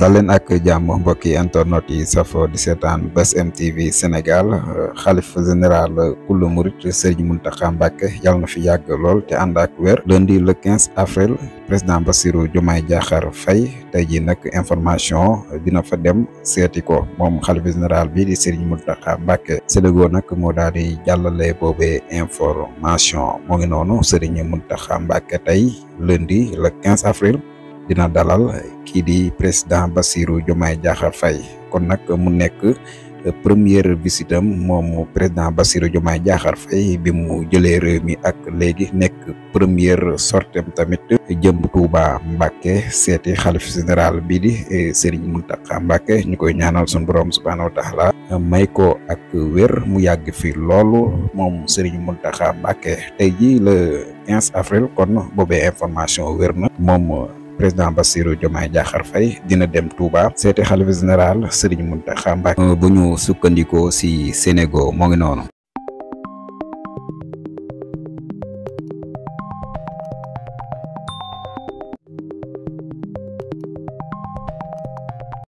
dal leen ak jàmm mbokki internet yi safo di seetaan Buzz M TV Sénégal xalif général kullu murit Serigne Mountakha Mbacké yàlla na fi yàgg lool te ànd ak wér lundi le 15 avril président Bassirou Diomaye Diakhar Faye tey jii nag information dina fa dem seeti ko moom xalif général bi di Serigne Mountakha Mbacké Sénégal nag moo daal di jàllale boobee information moo ngi noonu Serigne Mountakha Mbacké tey lundi le 15 avril. dina dalal ki di president basirou jomay Diakhar fay kon nak eh, mu nek eh, eh, premier visitam moom president basirou jomay Diakhar fay bi mu jele rewmi mi ak léegi nek premier sortem tamit jëm Touba Mbacké seeti xalif général bi di Serigne Mountakha Mbacké ñukoy ñaanal sun borom subhanahu wa taala may ko ak wër mu yagg fi lolu mom Serigne Mountakha Mbacké tay ji le 15 avril kon bobé information wërna mom. président Bassirou Diomaye Diakhar Faye dina dem Touba seeti xalifa général Serigne Mountakha Mbacké euh, bu ñu sukkandikoo si Sénégal moo ngi noonu